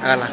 Alah. lah?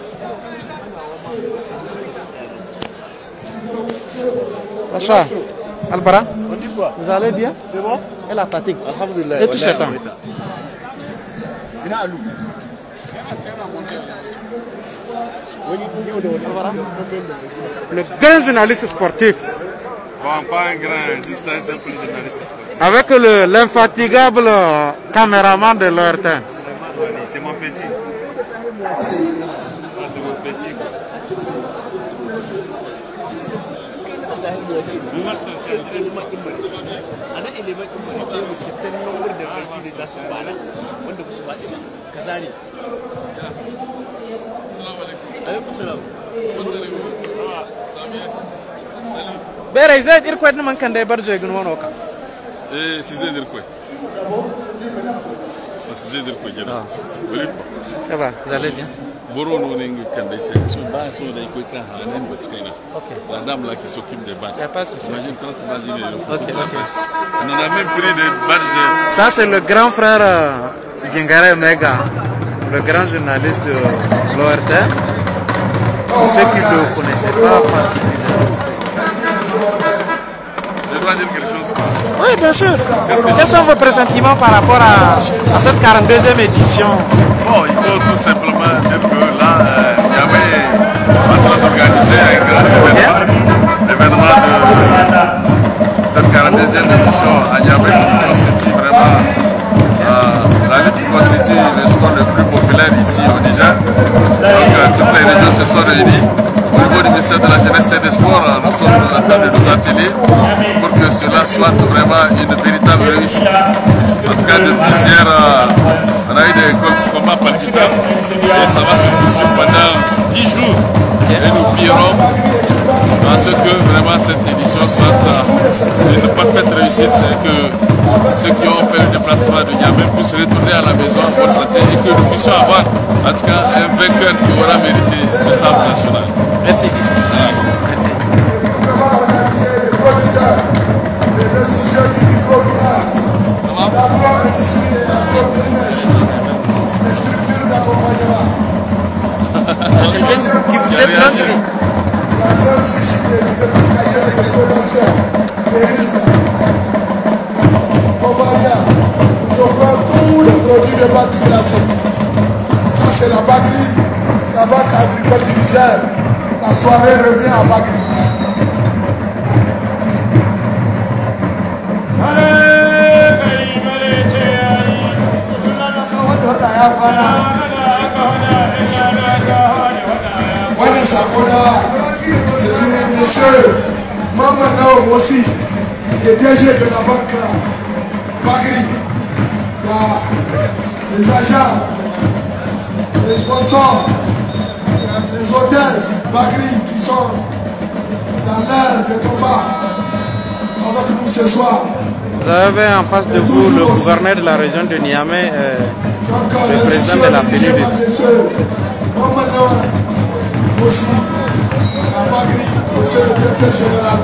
Bonsoir. Albara. On dit quoi Vous allez bien C'est bon Et la fatigue Alhamdulillah. Et tout ce temps Ina Alou. Le grand journaliste sportif. Bon, pas un grand, juste un simple journaliste sportif. Avec l'infatigable caméraman de l'ORT. C'est mon petit. petit, quoi. ana ilimin imbarci ya musamman nomar da baiti da za su bana wanda ba su ba ina kaza ne alaikum salam bere zai dirkwe ni man kan dai barjo igin wono ka eh si zai dirkwe si zai dirkwe gida ah. olipa ça va vous allez bien La dame là qui s'occupe des badges. Il n'y a pas de souci. Imagine 30 Ok, ok. On en a même pris des badges. Ça, c'est le grand frère euh, Yengare Mega, le grand journaliste de l'ORT. Pour ceux qui ne connaissaient pas, je dois dire quelque chose Oui, bien sûr. Quels sont vos pressentiments par rapport à, à cette 42e édition Oh, il faut tout simplement dire que là, euh, il en train d'organiser un grand événement, l'événement de cette 42e émission. à Yahweh qui constitue vraiment euh, la lutte qui constitue le sport le plus populaire ici au Niger. Donc euh, toutes les régions se sont réunies. Nous ministère de la Jeunesse et des Sports, hein. nous sommes en train de nos ateliers pour que cela soit vraiment une véritable réussite. En tout cas, de plusieurs, euh, on a eu des combats participants et ça va se poursuivre pendant 10 jours. Et nous prierons à ce que vraiment cette édition soit euh, une parfaite réussite et que ceux qui ont fait le déplacement de Yamé puissent retourner à la maison en bonne santé et que nous puissions avoir en tout cas un vainqueur qui aura mérité ce sable national. Merci. Merci. organisé les producteurs, les institutions du micro-village, l'agro-industrie et l'agro-business, les structures d'accompagnement. qui vous êtes Dans un souci de diversification et de prévention des risques, Covaria nous offrons tous les produits de banque classique. Ça, c'est la batterie, la banque agricole du Niger la soirée revient à Bagri. C'est monsieur aussi qui est de la banque Bagri, les agents, les sponsors, les hôtesses Bagri qui sont dans l'air de combat avec nous ce soir. Vous avez en face de vous le gouverneur de la région de Niamey, euh, le président de la FENUD. monsieur le directeur général.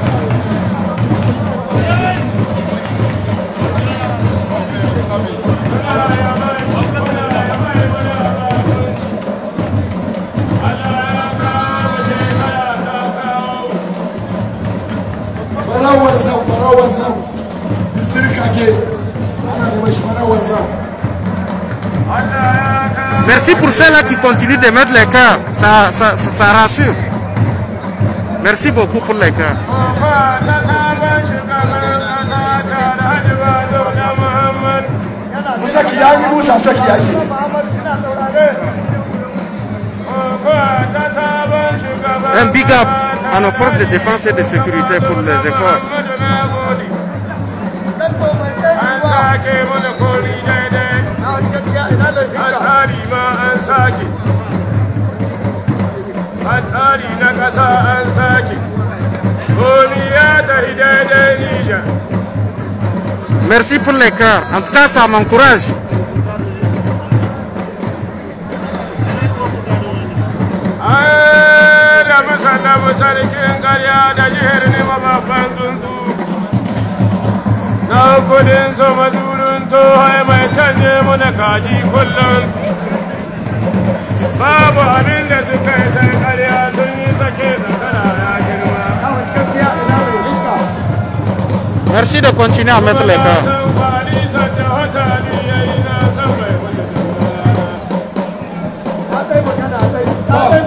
barau wanzan barau wanzan zirka ke ana da mashi barau Merci pour ceux-là qui continuent de mettre les cœurs. Ça, ça, ça, ça rassure. Merci beaucoup pour les cœurs. Un big up à nos forces de défense et de sécurité pour les efforts. Merci pour les cœurs. En tout cas, ça m'encourage. da jihar nima babban tsuntsu na kudin sama zurin tohai mai canje muna kaji kullum babu abin da suka yi sai karya sun yi sake zakara ya girma Merci de continuer à mettre les cas. Oh.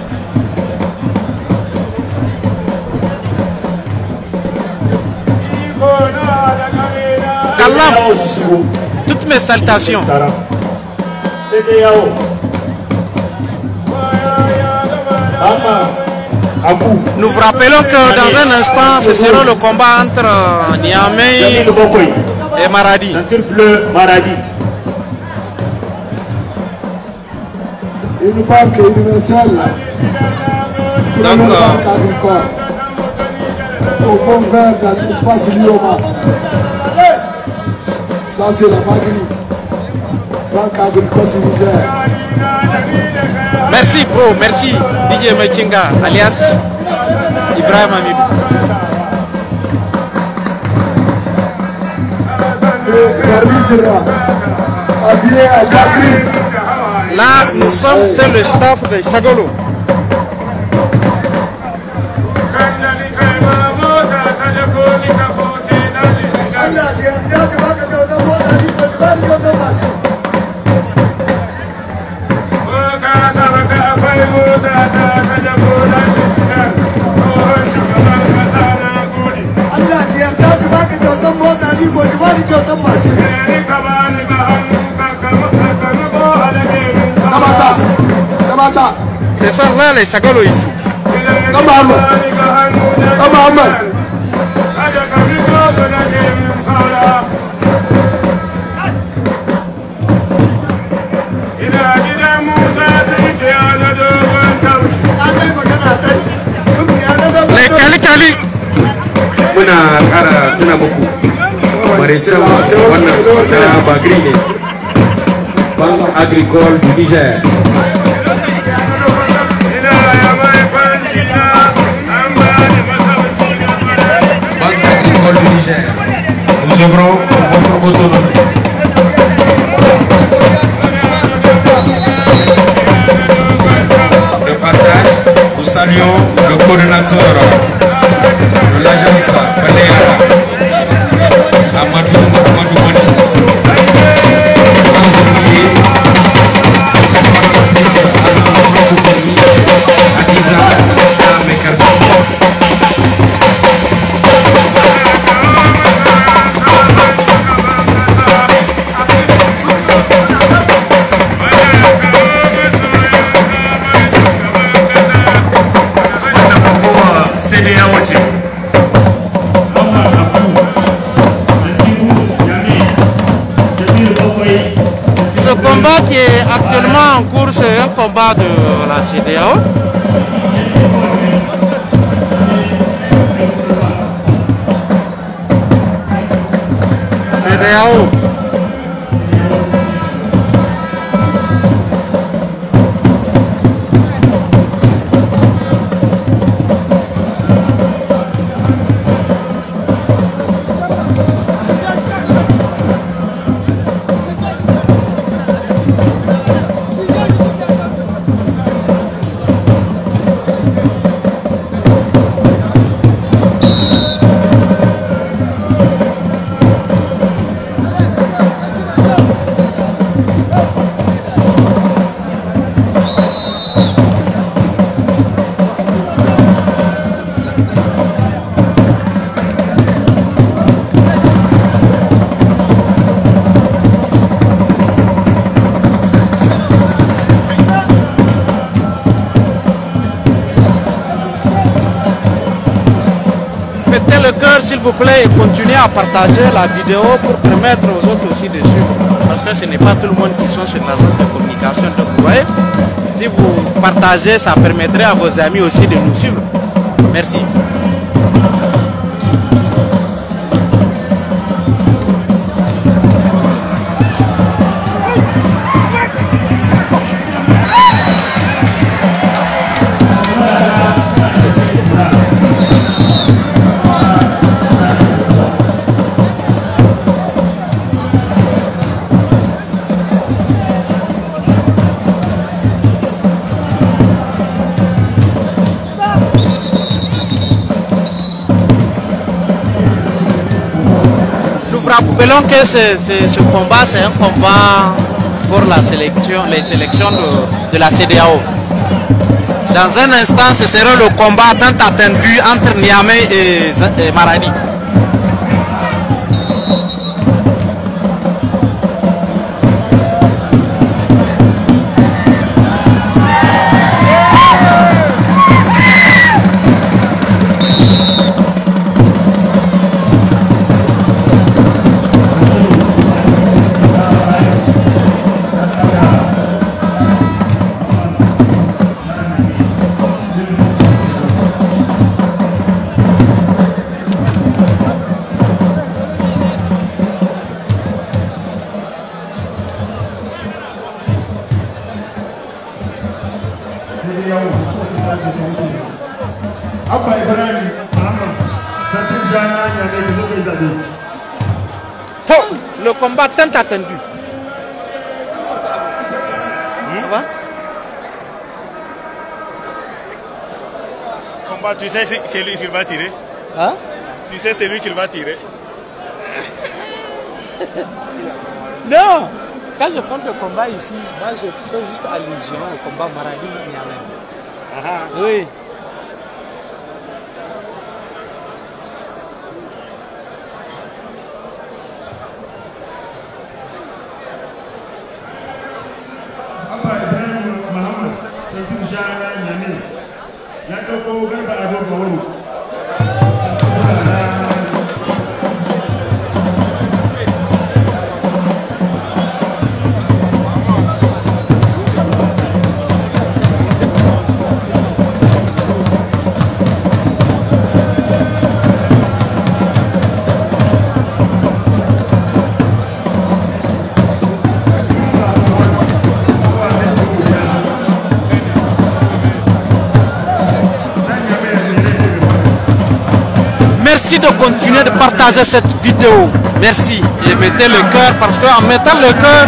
toutes mes salutations. Nous vous rappelons que dans un instant, ce sera le combat entre euh, Niamey et Maradi. Une banque universelle. Donc, euh, corps au fond vert dans l'espace Lyoma. Ça, c'est la Magri. Banque agricole du Niger. Merci, bro. Merci, DJ Mekinga, alias Ibrahim Amidou. Là, nous sommes, c'est le staff de Sagolo. صار لالي سقولوا يسو طبعا طبعا kali muna kara tuna muku marisau wannan ta bagri ne bank agricole niger Bro, Bro, bro, bro ရှင်တယောက် S'il vous plaît, continuez à partager la vidéo pour permettre aux autres aussi de suivre. Parce que ce n'est pas tout le monde qui sont sur l'agence de communication. Donc vous voyez, si vous partagez, ça permettrait à vos amis aussi de nous suivre. Merci. que ce, ce, combat, c'est un combat pour la sélection, les sélections de, la CDAO. Dans un instant, ce sera le combat tant attendu entre Niamey et, et Maradi. Combat, hein? tu sais c'est lui qui va tirer Tu sais c'est lui qui va tirer. non Quand je prends le combat ici, moi je fais juste allusion au combat Maradi Niamey. Ah, ah, oui. na ɗauko garba abin bawuru Merci de continuer de partager cette vidéo. Merci. Et mettez le cœur parce qu'en mettant le cœur,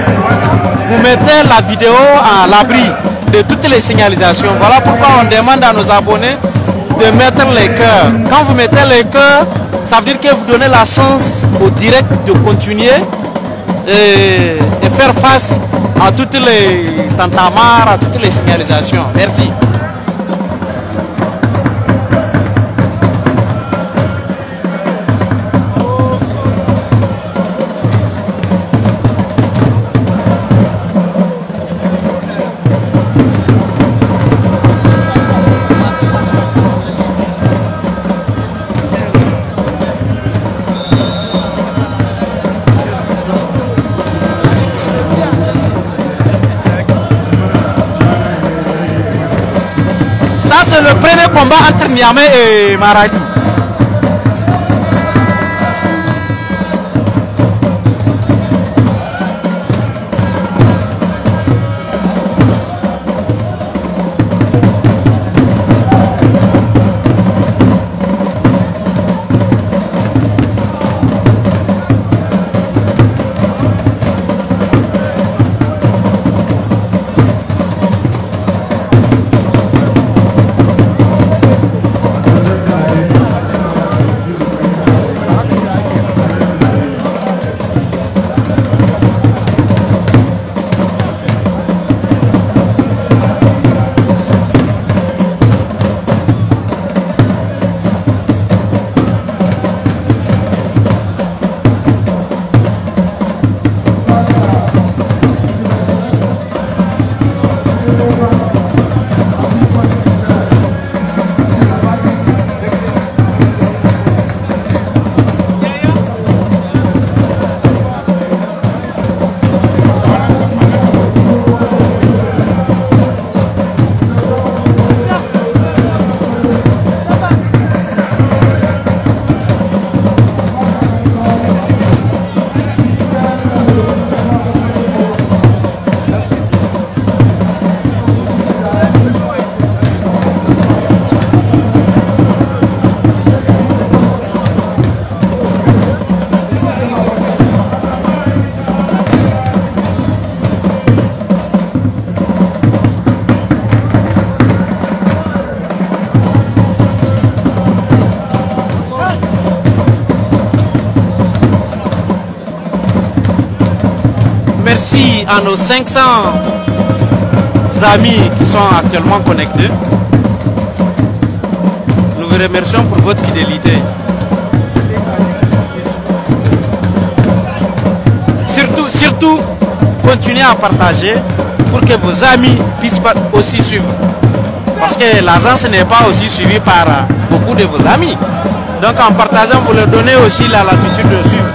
vous mettez la vidéo à l'abri de toutes les signalisations. Voilà pourquoi on demande à nos abonnés de mettre le cœur. Quand vous mettez le cœur, ça veut dire que vous donnez la chance au direct de continuer et, et faire face à toutes les tantamars, à toutes les signalisations. Merci. le premier combat entre Niamey et Maradou. à nos 500 amis qui sont actuellement connectés. Nous vous remercions pour votre fidélité. Surtout, surtout, continuez à partager pour que vos amis puissent aussi suivre. Parce que l'agence n'est pas aussi suivie par beaucoup de vos amis. Donc en partageant, vous leur donnez aussi la latitude de suivre.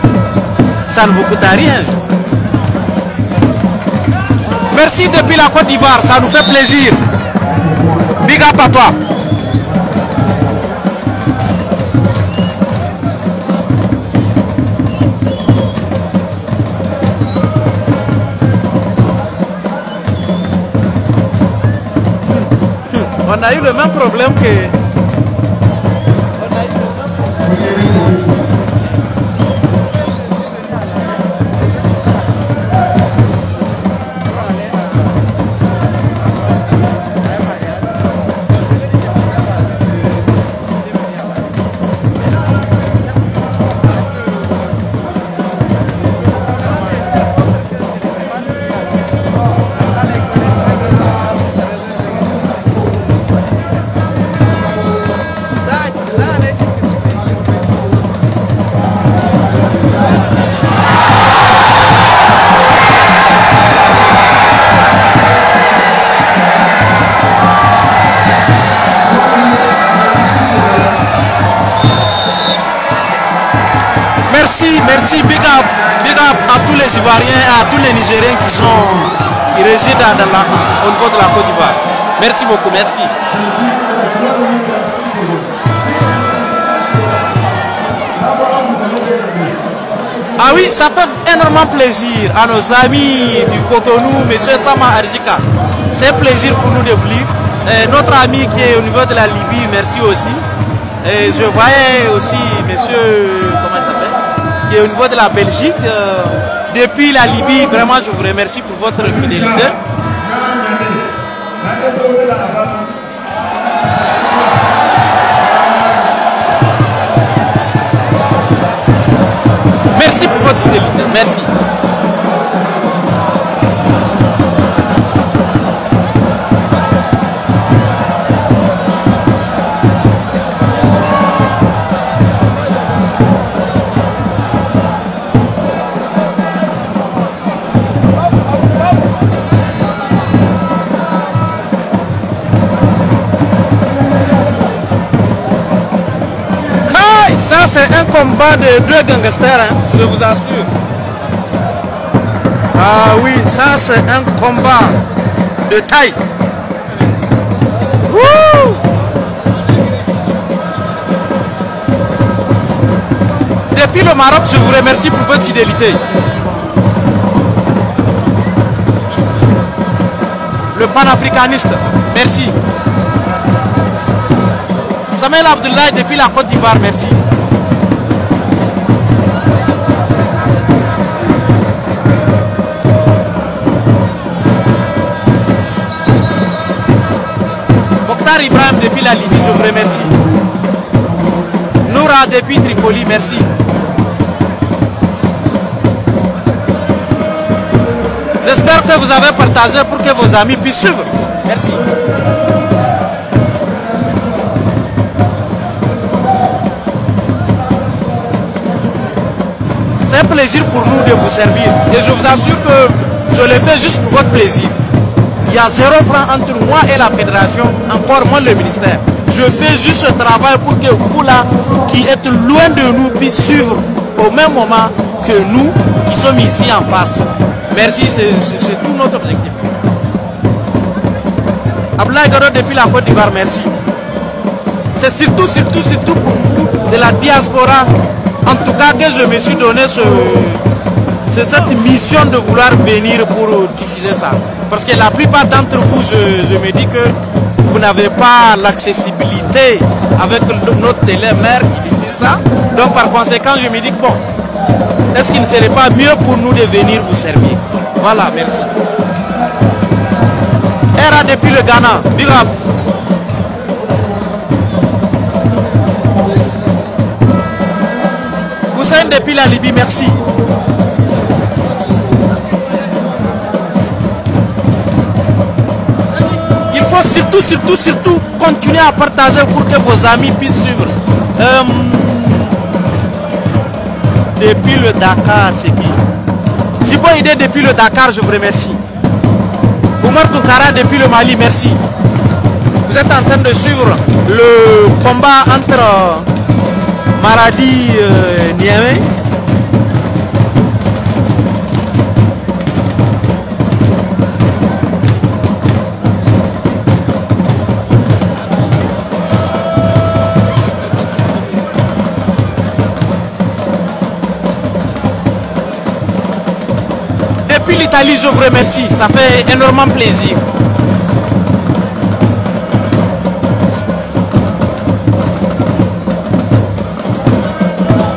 Ça ne vous coûte à rien. Merci depuis la Côte d'Ivoire, ça nous fait plaisir. Big up à toi. On a eu le même problème que au niveau de la Côte d'Ivoire. Merci beaucoup, merci. Ah oui, ça fait énormément plaisir à nos amis du Cotonou, M. Sama Arjika. C'est un plaisir pour nous de vous notre ami qui est au niveau de la Libye, merci aussi. Et je voyais aussi M. comment il s'appelle, qui est au niveau de la Belgique. Euh, depuis la Libye. Vraiment, je vous remercie pour votre fidélité. Merci pour votre fidélité. Merci. c'est un combat de deux gangsters, hein. je vous assure. Ah oui, ça c'est un combat de taille. Depuis le Maroc, je vous remercie pour votre fidélité. Le panafricaniste, merci. Samuel Abdoulaye depuis la Côte d'Ivoire, merci. Ibrahim depuis la Libye, je vous remercie. Noura depuis Tripoli, merci. J'espère que vous avez partagé pour que vos amis puissent suivre. Merci. C'est un plaisir pour nous de vous servir. Et je vous assure que je le fais juste pour votre plaisir. Il y a zéro franc entre moi et la fédération, encore moins le ministère. Je fais juste ce travail pour que vous là, qui êtes loin de nous, puissiez suivre au même moment que nous qui sommes ici en face. Merci, c'est tout notre objectif. Ablaï Garo depuis la Côte d'Ivoire, merci. C'est surtout, surtout, surtout pour vous de la diaspora, en tout cas que je me suis donné ce, cette mission de vouloir venir pour diffuser ça. Parce que la plupart d'entre vous, je, me dis que vous n'avez pas l'accessibilité avec notre télémère qui disait ça. Donc par conséquent, je me dis que bon, est-ce qu'il ne serait pas mieux pour nous de venir vous servir Voilà, merci. Era depuis le Ghana, big depuis la Libye, merci. surtout, surtout, surtout continuer à partager pour que vos amis puissent suivre. Euh, depuis le Dakar, c'est qui pas idée depuis le Dakar, je vous remercie. Oumar Toukara depuis le Mali, merci. Vous êtes en train de suivre le combat entre euh, Maradi et euh, Niamey. Depuis l'Italie, je vous remercie. Ça fait énormément plaisir.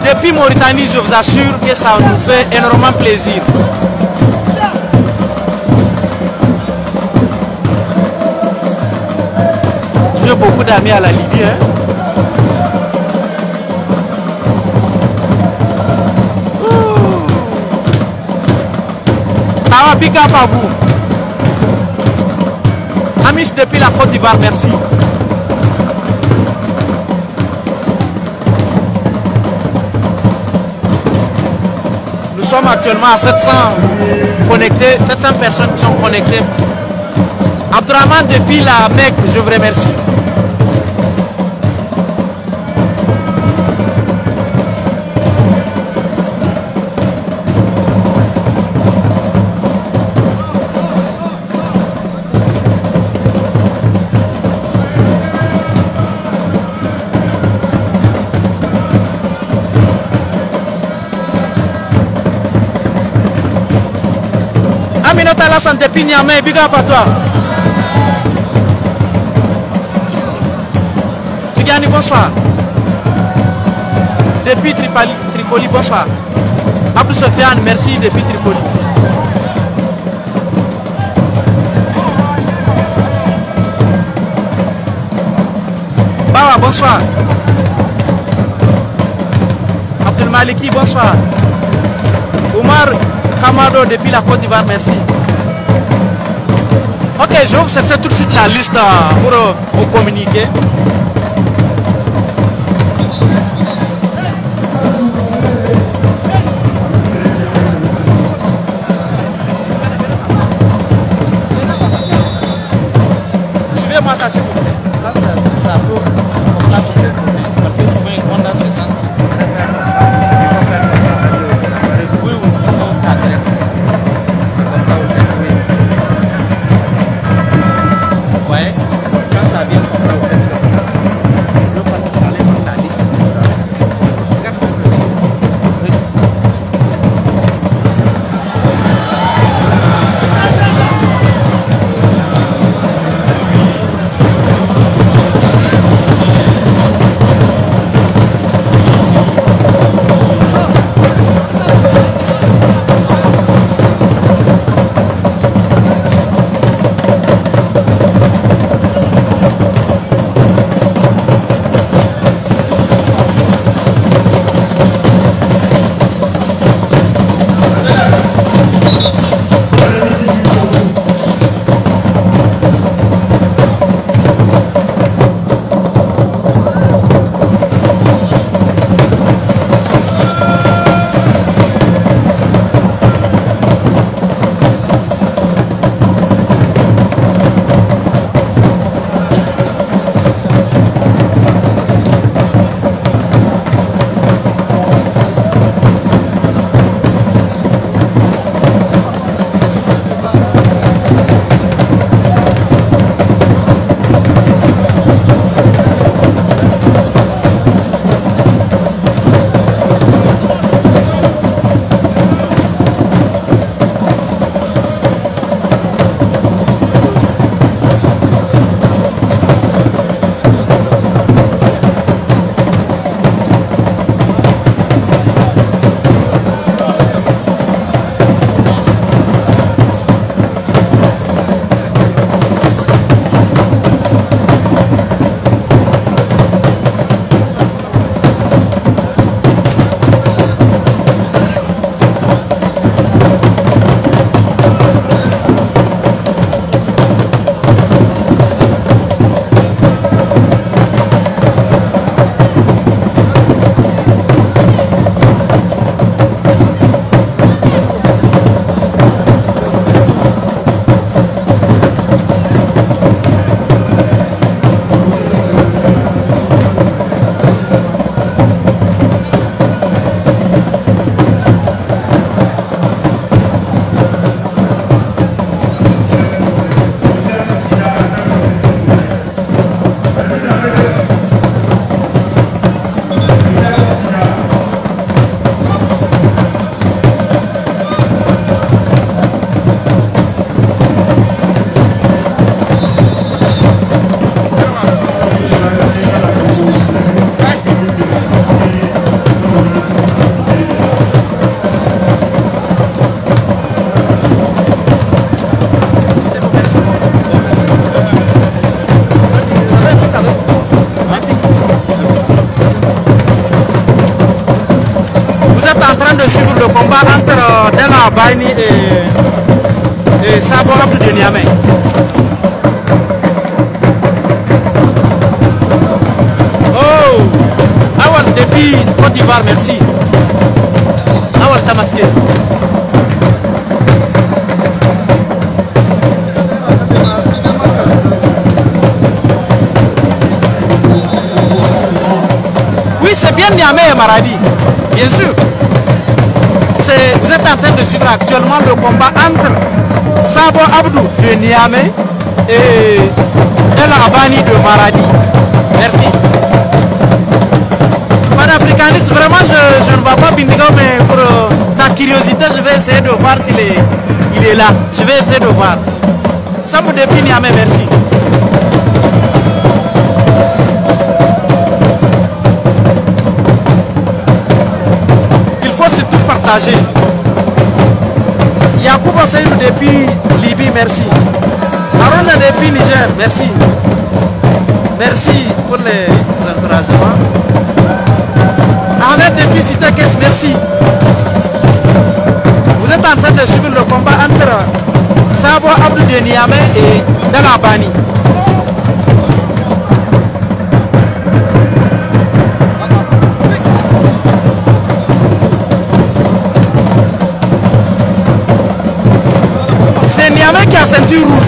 Depuis Mauritanie, je vous assure que ça nous fait énormément plaisir. J'ai beaucoup d'amis à la Libye. Hein. big up à vous. Amis depuis la Côte d'Ivoire, merci. Nous sommes actuellement à 700 connectés, 700 personnes qui sont connectées. Abdurrahman depuis la Mecque, je vous remercie. Alassane depuis Niamey big up à toi. Tigani bonsoir. Depuis Tripoli, bonsoir. Abdou Sofiane merci depuis Tripoli. Bawa bonsoir. Abdul Maliki bonsoir. Omar Kamado depuis la Côte d'Ivoire merci. Ok, je vais vous chercher tout de suite la liste euh, pour euh, vous communiquer. Suivez-moi ça, s'il vous plaît. bien Niamey et Maradi, bien sûr. Vous êtes en train de suivre actuellement le combat entre Sabo Abdou de Niamey et El Abani de Maradi. Merci. Africaniste, vraiment, je, ne vois pas Bindigo, mais pour euh, ta curiosité, je vais essayer de voir s'il est, là. Je vais essayer de voir. Ça me Niamey, merci. partagé. Yacoub depuis Libye, merci. Arona depuis Niger, merci. Merci pour les encouragements. Ahmed depuis Sitakes, merci. Vous êtes en train de suivre le combat entre Sabo Abdou de Niamey et Dalabani. la ceinture rouge.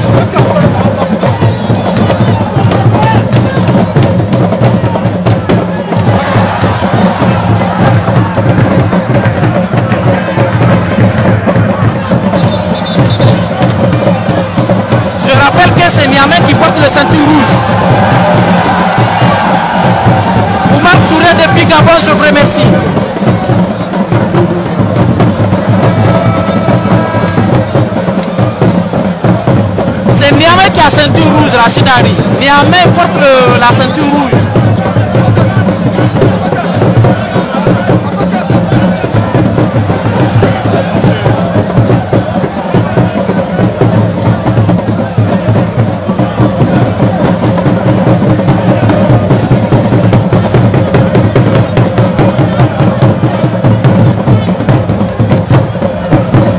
Je rappelle c'est Miami qui porte le ceinture rouge. Vous Touré depuis Gabon, je vous remercie. ceinture rouge, Rachid à Niamey porte le, euh, la ceinture rouge.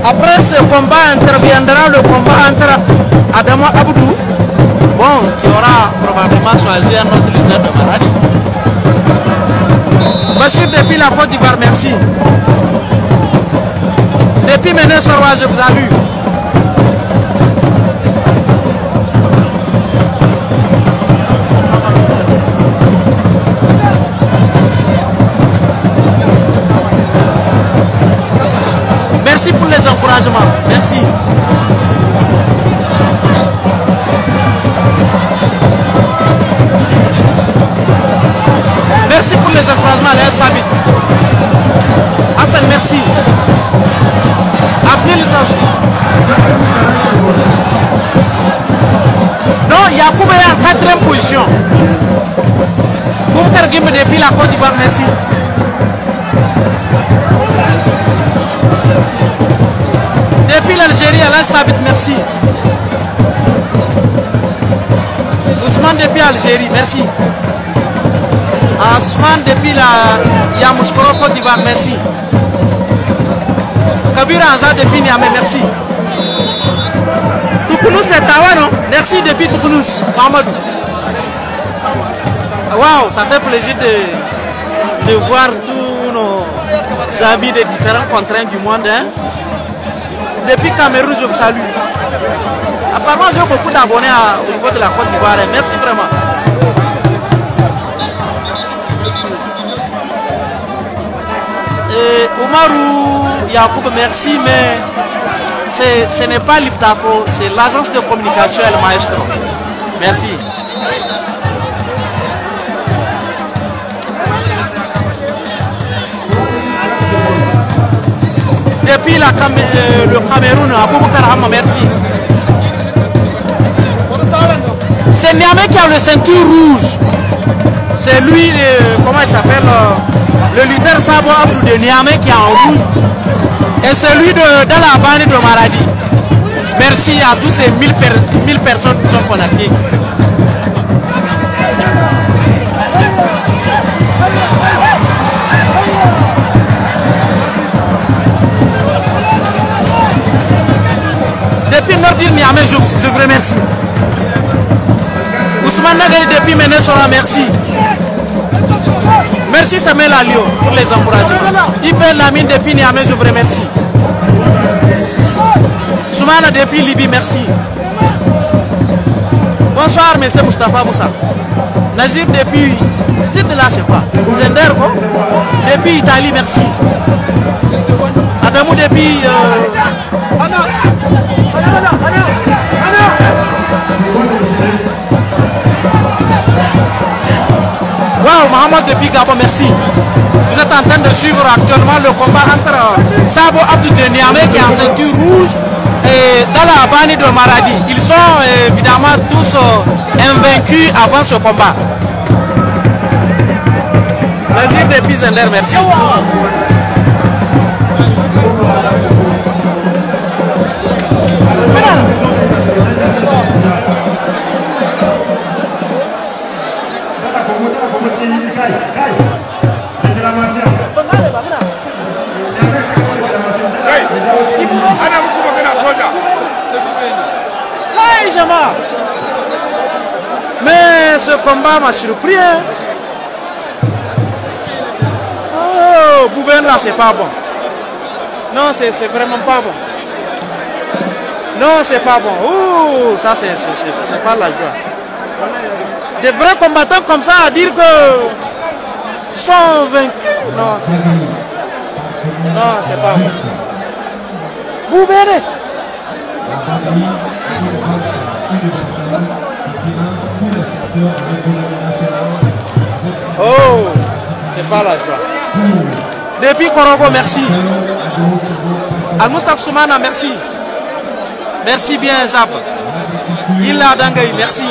Après ce combat interviendra le combat entre Adam Abdou, bon, qui aura probablement choisi un autre leader de Maradi. Monsieur, depuis la Côte d'Ivoire, merci. Depuis Méné Sorois, je vous salue. Merci pour les encouragements. les encouragements, les Sabit. Hassan, merci. Abdel Non, Yacoub est en quatrième position. Boumkar Gimbe depuis la Côte d'Ivoire, merci. Depuis l'Algérie, Alain Sabit, merci. Ousmane depuis l'Algérie, merci à moment, depuis la Yamoussoukro, Côte d'Ivoire, merci. Kabira Anza depuis Niamey, merci. nous c'est Tawa, non Merci depuis Toupounous, Waouh, ça fait plaisir de, de voir tous nos amis des différents contraintes du monde. Hein? Depuis Cameroun, je vous salue. Apparemment, j'ai beaucoup d'abonnés au niveau de la Côte d'Ivoire. Hein. Merci vraiment. Omarou, eh, Oumarou, Yacoub, merci, mais ce n'est pas l'IPTACO, c'est l'agence de communication le Maestro. Merci. Depuis euh, le Cameroun, Abou Karama, merci. C'est Niamey qui a le ceinture rouge. C'est lui, euh, comment il s'appelle euh, le leader savoir de Niamey qui est en rouge et celui de la bande de Maradi. Merci à tous ces 1000 personnes qui sont connectées. Depuis île Niamey, je, je vous remercie. Ousmane Nagari depuis vous merci. Merci Samuel Alio pour les encouragements. la mine depuis Niamé, je vous remercie. Soumana depuis Libye, merci. Bonsoir, monsieur Moustapha Moussa. Najib depuis Zid de la pas. Zendergo depuis Italie, merci. Adamou depuis. Euh, depuis Gabon, merci. Vous êtes en train de suivre actuellement le combat entre euh, Sabo Abdou de Niamey qui est en ceinture rouge et dans la de Maradi. Ils sont euh, évidemment tous euh, invaincus avant ce combat. merci. Mais ce combat m'a surpris. Hein. Oh, Bouben là, c'est pas bon. Non, c'est vraiment pas bon. Non, c'est pas bon. Ouh, ça, c'est pas la joie. Des vrais combattants comme ça à dire que 120... Non, c'est Non, c'est pas bon. Bouben. Hein. Oh, c'est pas la joie. Depuis Korogo, merci. Al mustaf Soumana, merci. Merci bien, Jab. Ila Dangay, merci.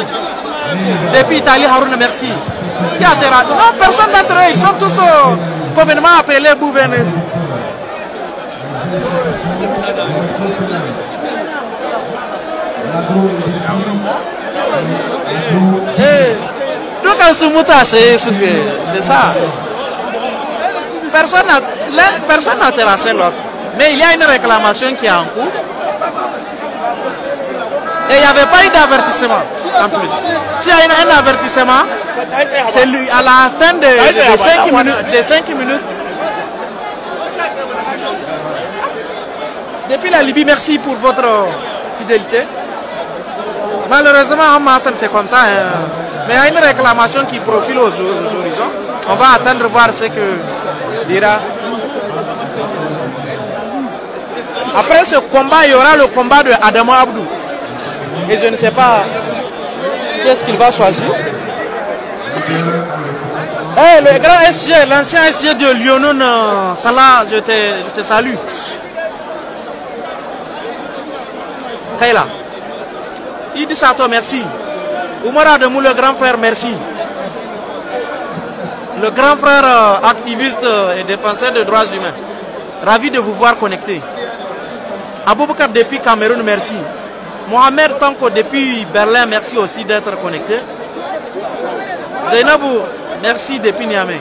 Depuis Tali Haroun, merci. Qui a Non, personne n'a eux, ils sont tous au euh, gouvernement appelé Boubenes. Hey c'est ça. Personne n'a terrassé l'autre. Mais il y a une réclamation qui est en cours. Et il n'y avait pas eu d'avertissement en plus. S'il y a un avertissement, c'est lui à la fin des cinq 5 minutes, Depuis la Libye, merci pour votre fidélité. Malheureusement, en c'est comme ça. Hein. Mais il y a une réclamation qui profile aux, horizons. On va attendre voir ce que dira. Après ce combat, il y aura le combat de Adamo Abdou. Et je ne sais pas qu'est-ce qu'il va choisir. Hey, eh, le grand SG, l'ancien SG de Lyonon euh, Salah, je te, je te salue. Kayla. à toi merci. Oumara Demou, le grand frère, merci. Le grand frère euh, activiste et défenseur des droits humains. Ravi de vous voir connecté. Aboubakar depuis Cameroun, merci. Mohamed Tanko depuis Berlin, merci aussi d'être connecté. Zainabou, merci depuis Niamey.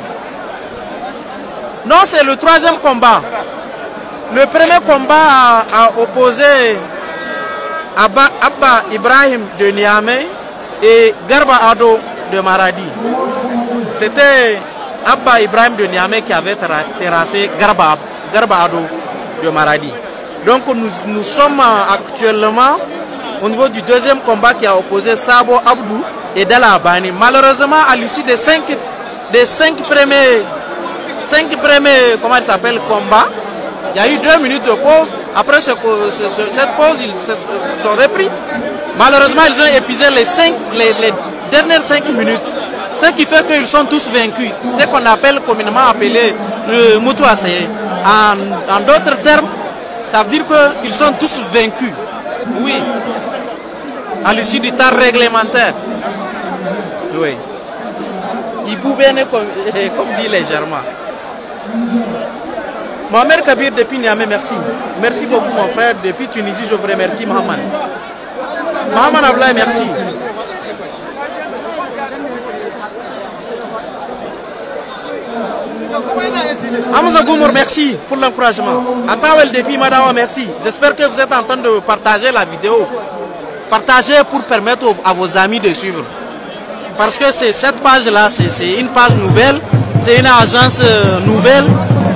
Non, c'est le troisième combat. Le premier combat a, opposé Abba Ibrahim de Niamey et Garba Ado de Maradi. C'était Abba Ibrahim de Niamey qui avait terrassé Garba, Garba Ado de Maradi. Donc nous, sommes actuellement au niveau du deuxième combat qui a opposé Sabo Abdou et Dala Abani. Malheureusement, à l'issue des cinq, des cinq premiers, cinq premiers comment combats, il y a eu deux minutes de pause. Après cette pause, ils se sont repris. Malheureusement, ils ont épuisé les, cinq, les, dernières cinq minutes. Ce qui fait qu'ils sont tous vaincus. Ce qu'on appelle communément appelé le moutouassé. En, d'autres termes, ça veut dire qu'ils sont tous vaincus. Oui. À l'issue du temps réglementaire. Oui. Ils comme, comme dit légèrement. Mohamed Kabir depuis Niamey, merci. Merci beaucoup mon frère. Depuis Tunisie, je vous remercie Mohamed. Maman Ablaye, merci. merci pour l'encouragement. Atawel Depi madame, merci. J'espère que vous êtes en train de partager la vidéo. Partagez pour permettre à vos amis de suivre. Parce que cette page-là, c'est une page nouvelle, c'est une agence euh, nouvelle.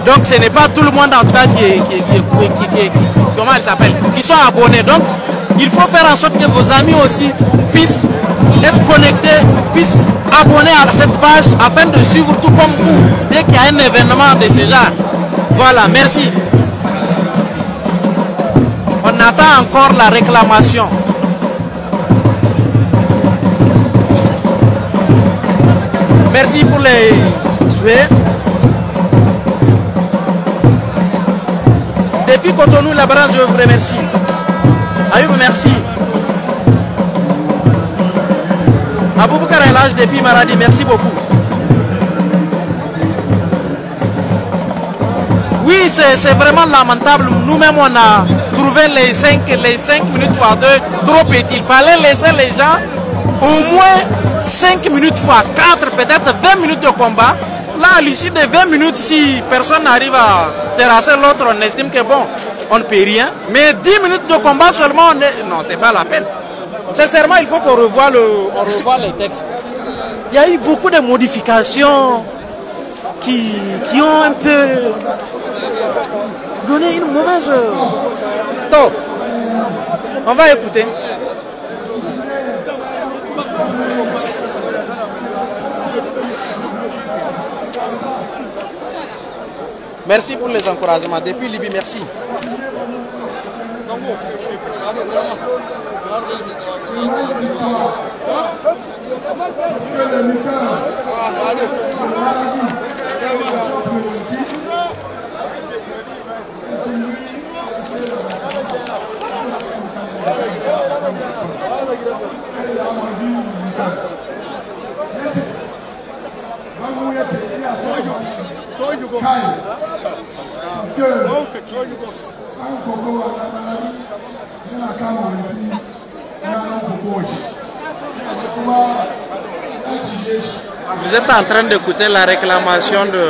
Donc ce n'est pas tout le monde en tout cas qui est, comment elle s'appelle, qui sont abonnés. Donc il faut faire en sorte que vos amis aussi puissent être connectés, puissent abonner à cette page afin de suivre tout comme vous dès qu'il y a un événement de ce genre. Voilà, merci. On attend encore la réclamation. Merci pour les souhaits. Depuis Cotonou, la branche, je vous remercie merci. a l'âge depuis Maradi, merci beaucoup. Oui, c'est vraiment lamentable. Nous-mêmes, on a trouvé les 5 les minutes fois 2 trop petit. Il fallait laisser les gens au moins 5 minutes fois 4, peut-être 20 minutes de combat. Là, à l'issue de 20 minutes, si personne n'arrive à terrasser l'autre, on estime que bon, on ne peut rien. Mais 10 minutes de combat seulement, on est... non, c'est pas la peine. Sincèrement, il faut qu'on revoie, le... On les textes. Il y a eu beaucoup de modifications qui, qui ont un peu donné une mauvaise... Euh, top. On va écouter. Merci pour les encouragements. Depuis Libye, merci. Soy you go. Soy you go. Vous êtes en train d'écouter la réclamation de...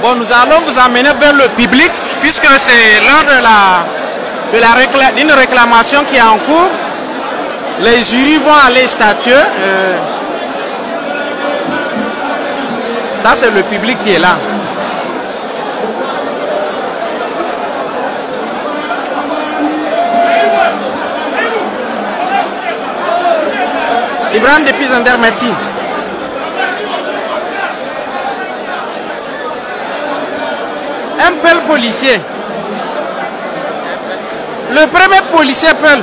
Bon, nous allons vous amener vers le public puisque c'est l'heure de la d'une réclamation qui est en cours. Les jurys vont aller statuer. Euh. ça, c'est le public qui est là. Ibrahim Depizender, merci. Un peu policier. Le premier policier peul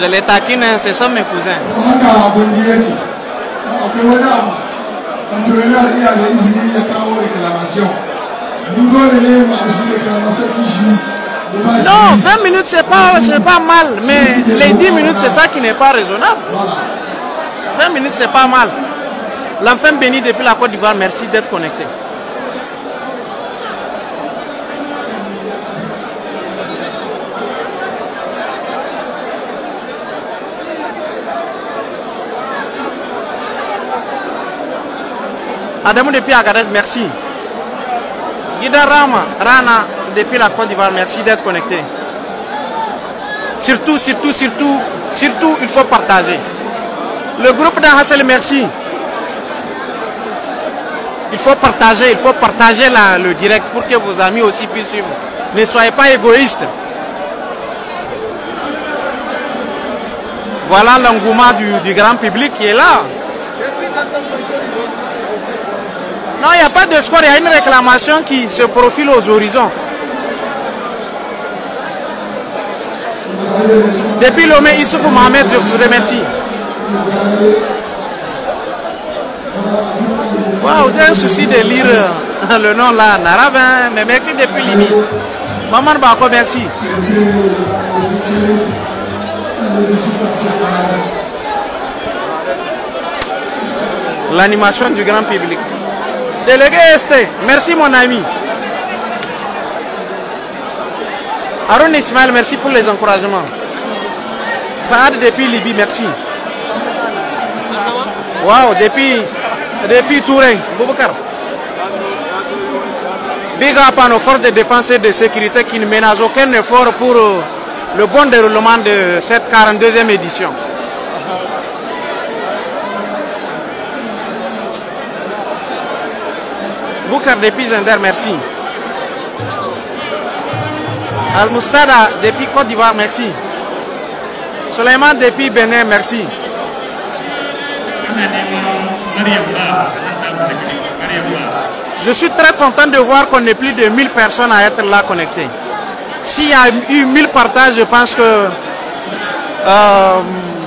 Je les taquine, hein, c'est ce mes cousins. Non, 20 minutes, c'est pas, c'est pas mal, mais les 10 minutes, c'est ça qui n'est pas raisonnable. 20 minutes, c'est pas mal. L'enfant béni depuis la Côte d'Ivoire, merci d'être connecté. Adamou depuis Agadez, merci. Guida Rama, Rana depuis la Côte d'Ivoire, merci d'être connecté. Surtout, surtout, surtout, surtout, il faut partager. Le groupe d'Ahassel, merci. Il faut partager, il faut partager le direct pour que vos amis aussi puissent suivre. Ne soyez pas égoïstes. Voilà l'engouement du, du grand public qui est là. Non, il n'y a pas de score, il y a une réclamation qui se profile aux horizons. Depuis mai, Issouf Mohamed, je vous remercie. Waouh, j'ai un souci de lire euh, le nom là en arabe, hein, mais merci depuis limite. Maman Bako, merci. L'animation du grand public. Délégué Esté, merci mon ami. Aaron Ismail, merci pour les encouragements. Saad depuis Libye, merci. Waouh, depuis, depuis Touré, Boubacar. Big à nos forces de défense et de sécurité qui ne ménagent aucun effort pour euh, le bon déroulement de cette 42e édition. Boukar depuis Zender, merci. al Mustada depuis Côte d'Ivoire, merci. Soleiman depuis Bénin, merci. Je suis très content de voir qu'on est plus de 1000 personnes à être là connectées. S'il y a eu 1000 partages, je pense que euh,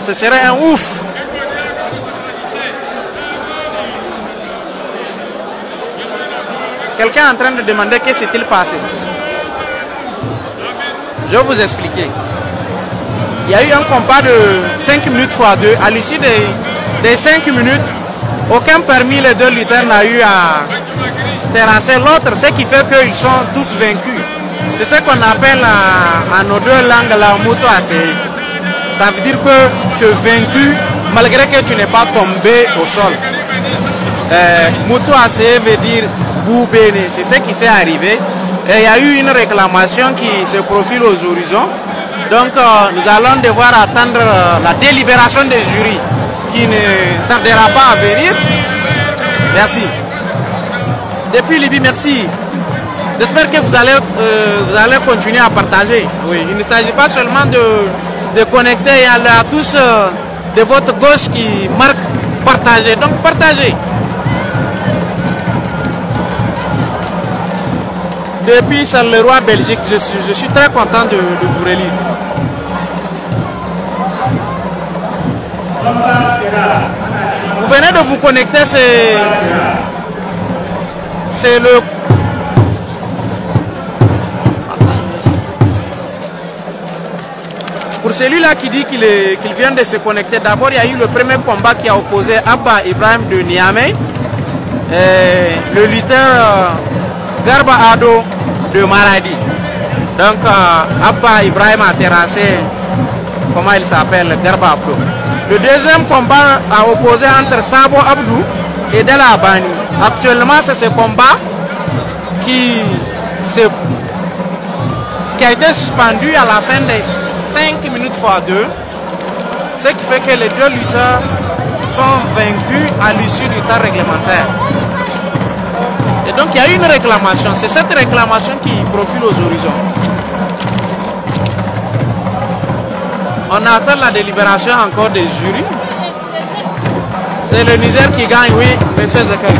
ce serait un ouf Quelqu'un est en train de demander qu'est-ce qu'il s'est passé. Je vais vous expliquer. Il y a eu un combat de 5 minutes x 2. À l'issue des, des 5 minutes, aucun parmi les deux lutteurs n'a eu à terrasser l'autre, ce qui fait qu'ils sont tous vaincus. C'est ce qu'on appelle en nos deux langues la moto assez. Ça veut dire que tu es vaincu malgré que tu n'es pas tombé au sol. Euh, Moutou veut dire Boubéné. C'est ce qui s'est arrivé. Et il y a eu une réclamation qui se profile aux horizons. Donc euh, nous allons devoir attendre euh, la délibération des jurys qui ne tardera pas à venir. Merci. Depuis Libye, merci. J'espère que vous allez, allez continuer à partager. Oui, il ne s'agit pas seulement de, de connecter à, à tous de votre gauche qui marque partager. Donc partagez. et puis c'est le roi Belgique, je suis, très content de, vous relire. Vous venez de vous connecter, c'est c'est le Pour celui-là qui dit qu'il vient de se connecter, d'abord il y a eu le premier combat qui a opposé Abba Ibrahim de Niamey, euh, le lutteur euh, Garba Ado de maladie. Donc euh, Abba Ibrahim a terrassé, comment il s'appelle, Garba Abdou. Le deuxième combat a opposé entre Sabo Abdou et Abani. Actuellement, c'est ce combat qui, qui a été suspendu à la fin des 5 minutes x 2. Ce qui fait que les deux lutteurs sont vaincus à l'issue du temps réglementaire. Et donc il y a une réclamation. C'est cette réclamation qui profile aux horizons. On attend la délibération encore des jurys. C'est le Niger qui gagne, oui, monsieur Zekai.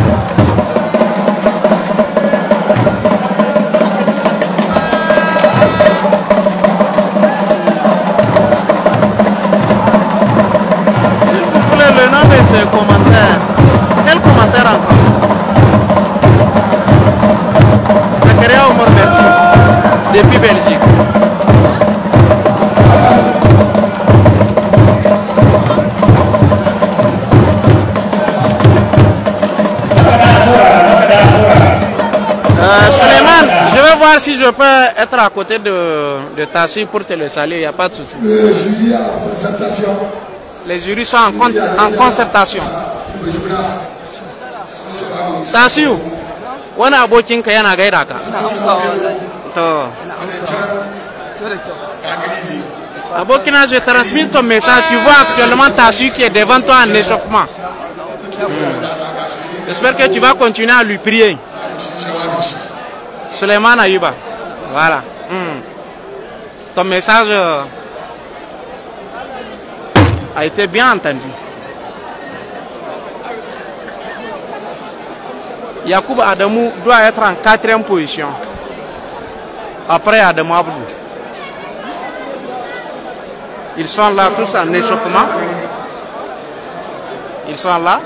je peux être à côté de, de pour te le saluer, il n'y a pas de souci. Le jury Les jurys sont en, compte en concertation. Tasiu, wani je transmets ton message. Tu vois actuellement Tassu qui est devant toi en échauffement. Hmm. J'espère que tu vas continuer à lui prier. Suleiman Ayuba. Voilà. Hmm. Ton message euh, a été bien entendu. Yacoub Adamou doit être en quatrième position. Après Adamou Abdou. Ils sont là tous en échauffement. Ils sont là.